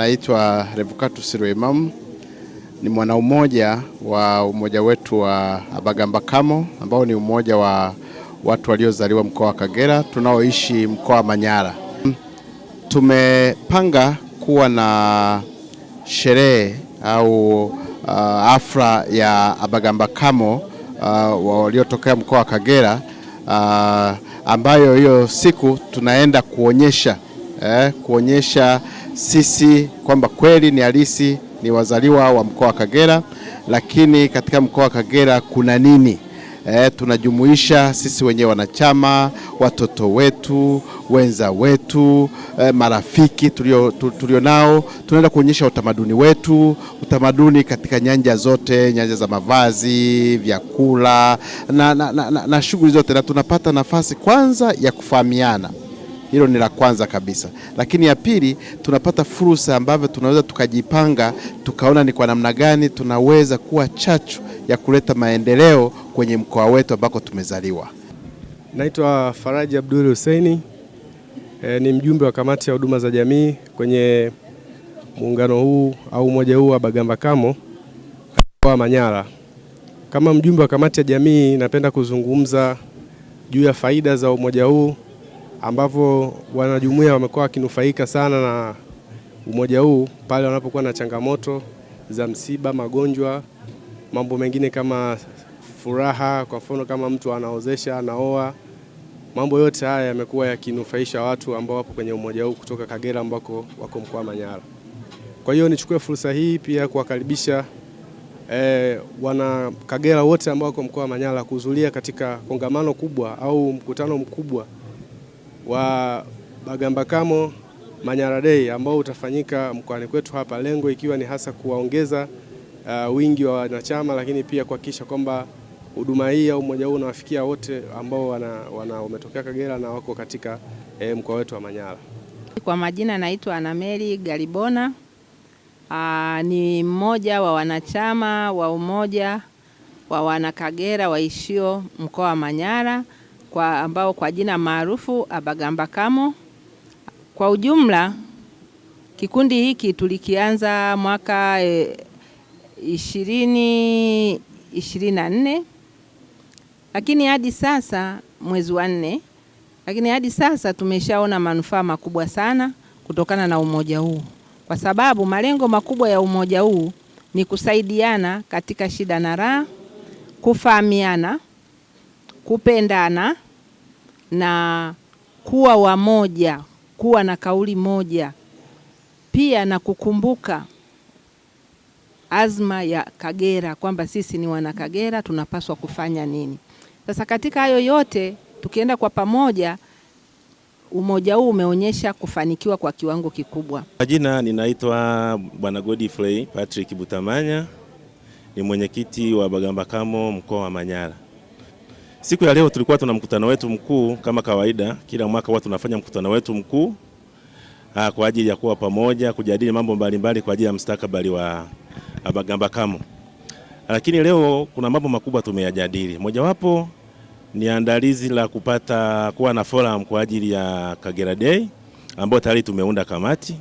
Naitwa Revocatus Ruemam, ni mwana umoja wa umoja wetu wa Abagambakamo ambao ni umoja wa watu waliozaliwa mkoa wa Kagera tunaoishi mkoa wa Manyara. Tumepanga kuwa na sherehe au uh, afra ya Abagambakamo uh, waliotokea mkoa wa Kagera uh, ambayo hiyo siku tunaenda kuonyesha eh, kuonyesha sisi kwamba kweli ni halisi ni wazaliwa wa mkoa wa Kagera, lakini katika mkoa wa Kagera kuna nini? E, tunajumuisha sisi wenyewe wanachama, watoto wetu, wenza wetu, e, marafiki tulio, tulio nao, tunaenda kuonyesha utamaduni wetu, utamaduni katika nyanja zote, nyanja za mavazi, vyakula na, na, na, na, na shughuli zote, na tunapata nafasi kwanza ya kufahamiana. Hilo ni la kwanza kabisa, lakini ya pili, tunapata fursa ambavyo tunaweza tukajipanga tukaona ni kwa namna gani tunaweza kuwa chachu ya kuleta maendeleo kwenye mkoa wetu ambako tumezaliwa. Naitwa Faraji Abdul Huseini, e, eh, ni mjumbe wa kamati ya huduma za jamii kwenye muungano huu au umoja huu wa Bagambakamo wa Manyara. Kama mjumbe wa kamati ya jamii, napenda kuzungumza juu ya faida za umoja huu ambavyo wanajumuia wamekuwa wakinufaika sana na umoja huu pale wanapokuwa na changamoto za msiba, magonjwa, mambo mengine kama furaha. Kwa mfano kama mtu anaozesha, anaoa, mambo yote haya yamekuwa yakinufaisha watu ambao wapo kwenye umoja huu kutoka Kagera ambako wako mkoa Manyara. Kwa hiyo nichukue fursa hii pia kuwakaribisha eh, wana Kagera wote ambao wako mkoa Manyara kuhudhuria katika kongamano kubwa au mkutano mkubwa wa Bagambakamo Manyara Day ambao utafanyika mkoani kwetu hapa, lengo ikiwa ni hasa kuwaongeza uh, wingi wa wanachama, lakini pia kuhakikisha kwamba huduma hii au umoja huu unawafikia wote ambao wana wametokea Kagera na wako katika eh, mkoa wetu wa Manyara. Kwa majina naitwa Anameli Galibona. Aa, uh, ni mmoja wa wanachama wa umoja wa wanakagera waishio mkoa wa Manyara kwa ambao kwa jina maarufu abagamba kamo Kwa ujumla kikundi hiki tulikianza mwaka e, ishirini ishirini na nne lakini hadi sasa mwezi wa nne, lakini hadi sasa tumeshaona manufaa makubwa sana kutokana na umoja huu, kwa sababu malengo makubwa ya umoja huu ni kusaidiana katika shida na raha, kufahamiana kupendana na kuwa wamoja, kuwa na kauli moja, pia na kukumbuka azma ya Kagera kwamba sisi ni wana Kagera tunapaswa kufanya nini. Sasa katika hayo yote tukienda kwa pamoja, umoja huu umeonyesha kufanikiwa kwa kiwango kikubwa. Majina, ninaitwa Bwana Godfrey Patrick Butamanya, ni mwenyekiti wa Bagambakamo mkoa wa Manyara. Siku ya leo tulikuwa tuna mkutano wetu mkuu kama kawaida, kila mwaka huwa tunafanya mkutano wetu mkuu aa, ah, kwa ajili ya kuwa pamoja kujadili mambo mbalimbali kwa ajili ya mstakabali wa Abagambakamu. Lakini leo kuna mambo makubwa tumeyajadili, mojawapo ni andalizi la kupata kuwa na forum kwa ajili ya Kagera Day ambao tayari tumeunda kamati,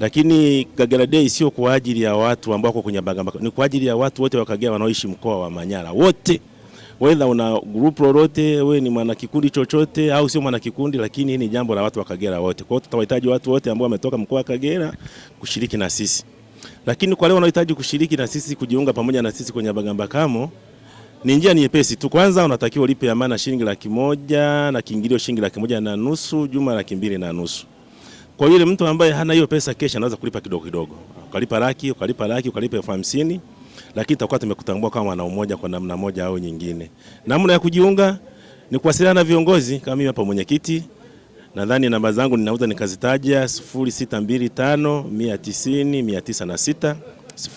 lakini Kagera Day sio kwa ajili ya watu ambao wako kwenye Abagambakamu, ni kwa ajili ya watu wote wa Kagera wanaoishi mkoa wa Manyara wote Wedha una group lolote, wewe ni mwana kikundi chochote au sio mwana kikundi, lakini ni jambo la watu wa Kagera wote. Kwa hiyo tutawahitaji watu wote ambao wametoka mkoa wa Kagera kushiriki na sisi, lakini kwa leo unahitaji kushiriki na sisi, kujiunga pamoja na sisi kwenye Bagamba Kamo ni njia nyepesi tu. Kwanza unatakiwa ulipe amana shilingi laki moja na kiingilio shilingi laki moja na nusu juma laki mbili na nusu. Kwa yule mtu ambaye hana hiyo pesa, kesha anaweza kulipa kidogo kidogo, ukalipa laki, ukalipa laki, ukalipa elfu hamsini lakini tutakuwa tumekutambua kama wana umoja kwa namna moja au nyingine. Namna ya kujiunga ni kuwasiliana na viongozi kama mimi hapa mwenyekiti, nadhani namba zangu ninaweza nikazitaja 0625190906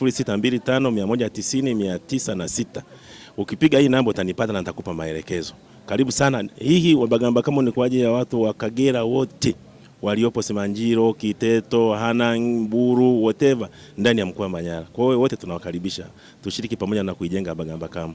0625190906. Ukipiga hii namba utanipata na nitakupa maelekezo. Karibu sana. Hii Wabagamba kama ni kwa ajili ya watu wa Kagera wote waliopo Simanjiro, Kiteto, Hanang, Buru, whatever ndani ya mkoa wa Manyara. Kwa hiyo wote tunawakaribisha tushiriki pamoja na kuijenga Bagamba kama